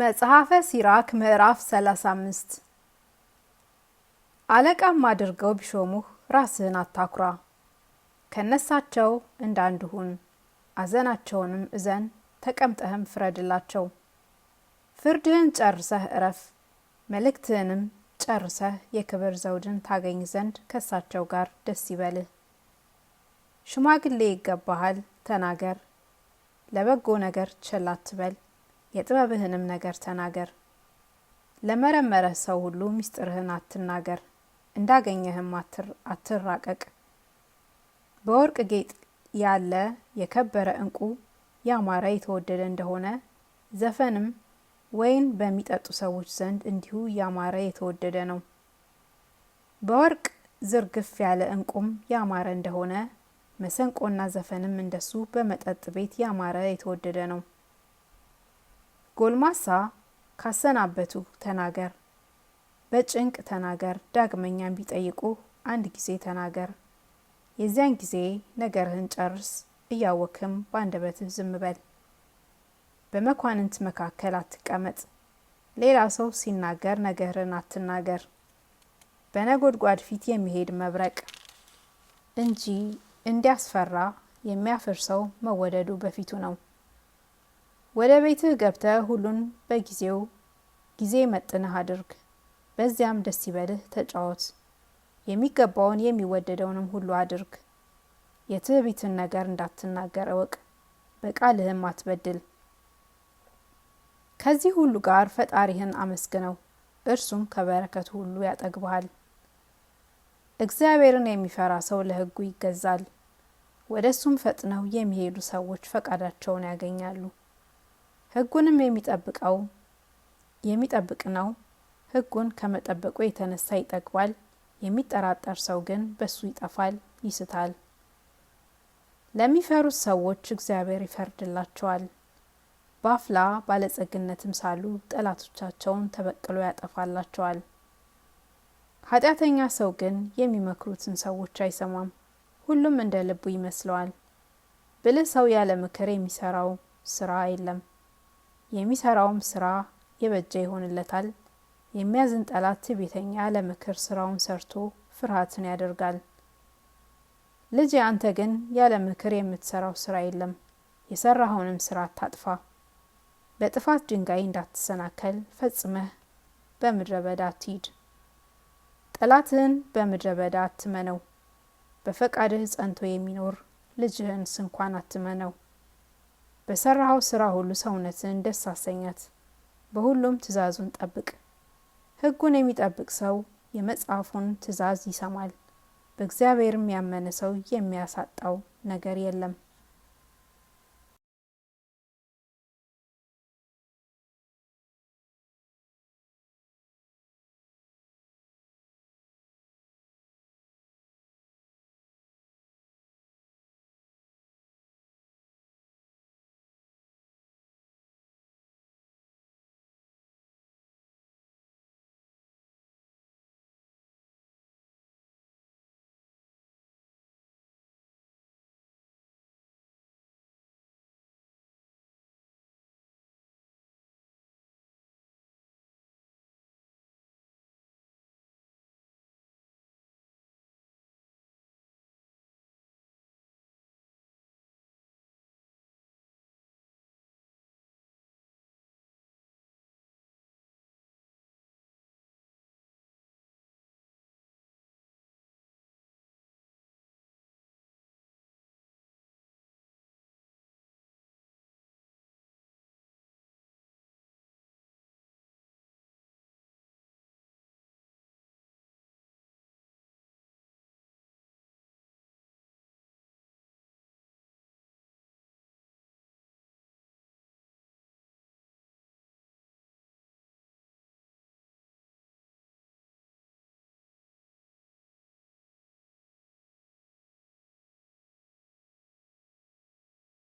መጽሐፈ ሲራክ ምዕራፍ 35 አለቃም አድርገው ቢሾሙህ ራስህን አታኩራ፣ ከነሳቸው እንዳንዱ ሁን፣ አዘናቸውንም እዘን፣ ተቀምጠህም ፍረድላቸው። ፍርድህን ጨርሰህ እረፍ፣ መልእክትህንም ጨርሰህ የክብር ዘውድን ታገኝ ዘንድ ከሳቸው ጋር ደስ ይበልህ። ሽማግሌ ይገባሃል፣ ተናገር፣ ለበጎ ነገር ችላ አትበል። የጥበብህንም ነገር ተናገር። ለመረመረህ ሰው ሁሉ ምስጢርህን አትናገር፣ እንዳገኘህም አትራቀቅ። በወርቅ ጌጥ ያለ የከበረ እንቁ ያማረ የተወደደ እንደሆነ ዘፈንም ወይን በሚጠጡ ሰዎች ዘንድ እንዲሁ ያማረ የተወደደ ነው። በወርቅ ዝርግፍ ያለ እንቁም ያማረ እንደሆነ መሰንቆና ዘፈንም እንደሱ በመጠጥ ቤት ያማረ የተወደደ ነው። ጎልማሳ ካሰናበቱ ተናገር፣ በጭንቅ ተናገር፣ ዳግመኛም ቢጠይቁ አንድ ጊዜ ተናገር። የዚያን ጊዜ ነገርህን ጨርስ፣ እያወክም በአንደበትህ ዝም በል። በመኳንንት መካከል አትቀመጥ፣ ሌላ ሰው ሲናገር ነገርን አትናገር። በነጎድጓድ ፊት የሚሄድ መብረቅ እንጂ እንዲያስፈራ የሚያፍር ሰው መወደዱ በፊቱ ነው። ወደ ቤትህ ገብተህ ሁሉን በጊዜው ጊዜ መጥነህ አድርግ። በዚያም ደስ ይበልህ፣ ተጫወት። የሚገባውን የሚወደደውንም ሁሉ አድርግ። የትዕቢትን ነገር እንዳትናገር እወቅ፣ በቃልህም አትበድል። ከዚህ ሁሉ ጋር ፈጣሪህን አመስግነው፣ እርሱም ከበረከቱ ሁሉ ያጠግብሃል። እግዚአብሔርን የሚፈራ ሰው ለሕጉ ይገዛል፣ ወደ እሱም ፈጥነው የሚሄዱ ሰዎች ፈቃዳቸውን ያገኛሉ። ህጉንም የሚጠብቀው የሚጠብቅ ነው። ህጉን ከመጠበቁ የተነሳ ይጠግባል። የሚጠራጠር ሰው ግን በሱ ይጠፋል፣ ይስታል። ለሚፈሩት ሰዎች እግዚአብሔር ይፈርድላቸዋል። ባፍላ ባለጸግነትም ሳሉ ጠላቶቻቸውን ተበቅሎ ያጠፋላቸዋል። ኃጢአተኛ ሰው ግን የሚመክሩትን ሰዎች አይሰማም፣ ሁሉም እንደ ልቡ ይመስለዋል። ብልህ ሰው ያለ ምክር የሚሰራው ስራ የለም። የሚሰራውም ስራ የበጀ ይሆንለታል። የሚያዝን ጠላት ትዕቢተኛ ያለምክር ስራውን ሰርቶ ፍርሃትን ያደርጋል። ልጅ አንተ ግን ያለ ምክር የምትሰራው ስራ የለም፣ የሰራኸውንም ስራ አታጥፋ። በጥፋት ድንጋይ እንዳትሰናከል ፈጽመህ በምድረ በዳ አትሂድ። ጠላትህን በምድረ በዳ አትመነው። በፈቃድህ ጸንቶ የሚኖር ልጅህን ስንኳን አትመነው። በሰራኸው ስራ ሁሉ ሰውነትን ደስ አሰኛት፣ በሁሉም ትእዛዙን ጠብቅ። ሕጉን የሚጠብቅ ሰው የመጽሐፉን ትእዛዝ ይሰማል፣ በእግዚአብሔርም ያመነ ሰው የሚያሳጣው ነገር የለም።